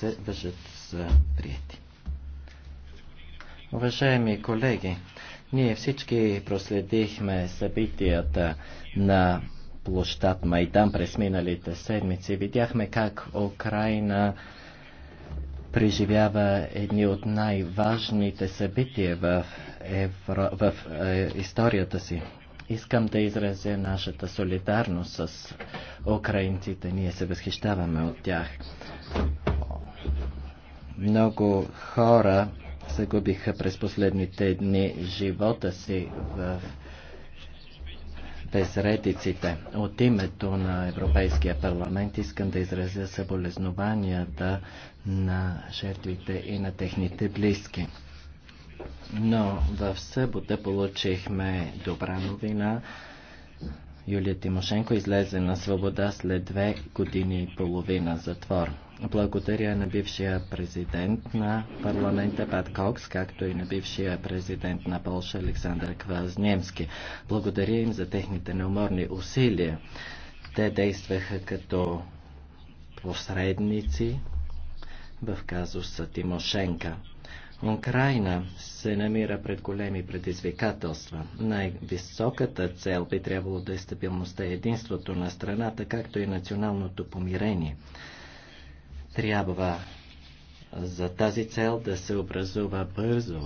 се въжат за прияти. Уважаеми колеги, ние всички проследихме събитията на площад Майдан през миналите седмици. Видяхме как Украина преживява едни от най-важните събития в, Евро... в е, историята си. Искам да изразя нашата солидарност с украинците. Ние се възхищаваме от тях. Много хора загубиха през последните дни живота си в безредиците. От името на Европейския парламент искам да изразя съболезнованията на жертвите и на техните близки. Но в събота получихме добра новина. Юлия Тимошенко излезе на свобода след две години и половина затвор. Благодаря на бившия президент на парламента Пат Кокс, както и на бившия президент на Полша Александър Квазнемски. Благодаря им за техните неуморни усилия. Те действаха като посредници в казуса Тимошенка. Украина се намира пред големи предизвикателства. Най-високата цел би трябвало да е стабилността и единството на страната, както и националното помирение. Трябва за тази цел да се образува бързо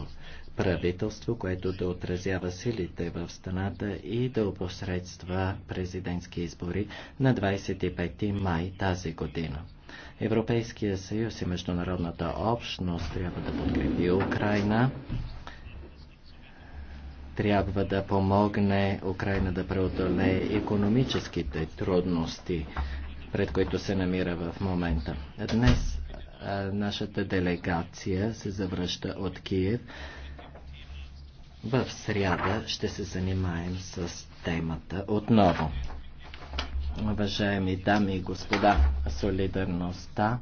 правителство, което да отразява силите в страната и да опосредства президентски избори на 25 май тази година. Европейския съюз и международната общност трябва да подкрепи Украина, трябва да помогне Украина да преодолее економическите трудности пред които се намира в момента. Днес нашата делегация се завръща от Киев. В сряда ще се занимаем с темата отново. Уважаеми дами и господа, солидарността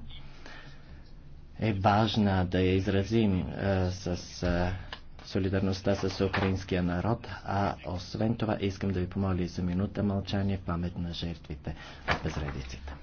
е важна да я изразим а, с. А, солидарността с украинския народ, а освен това искам да ви помоля и за минута мълчание в памет на жертвите от безредицата.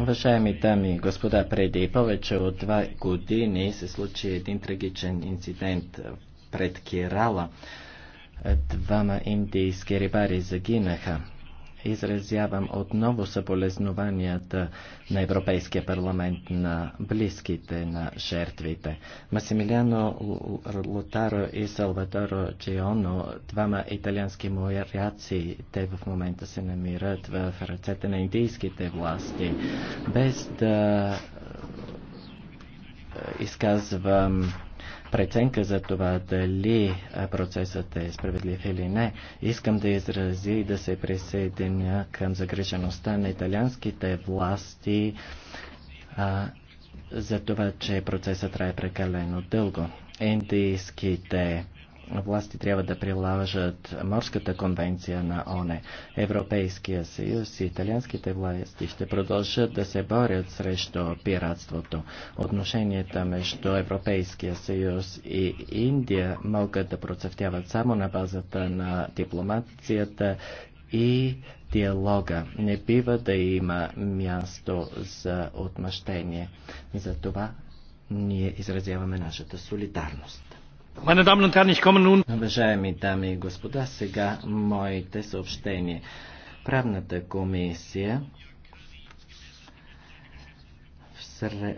Уважаеми дами и господа, преди повече от два години се случи един трагичен инцидент пред Кирала. Двама индийски рибари загинаха изразявам отново съболезнованията на Европейския парламент на близките на жертвите. Масимилиано Лотаро и Салваторо Джионо, двама италиански моряци, те в момента се намират в ръцете на индийските власти, без да е, изказвам преценка за това дали процесът е справедлив или не, искам да изрази и да се присъединя към загрижеността на италианските власти а, за това, че процесът трае прекалено дълго. Индийските власти трябва да прилажат Морската конвенция на ОНЕ. Европейския съюз и италианските власти ще продължат да се борят срещу пиратството. Отношенията между Европейския съюз и Индия могат да процъфтяват само на базата на дипломацията и диалога. Не бива да има място за отмъщение. за това ние изразяваме нашата солидарност. Уважаеми дами и господа, сега моите съобщения. Правната комисия в сре...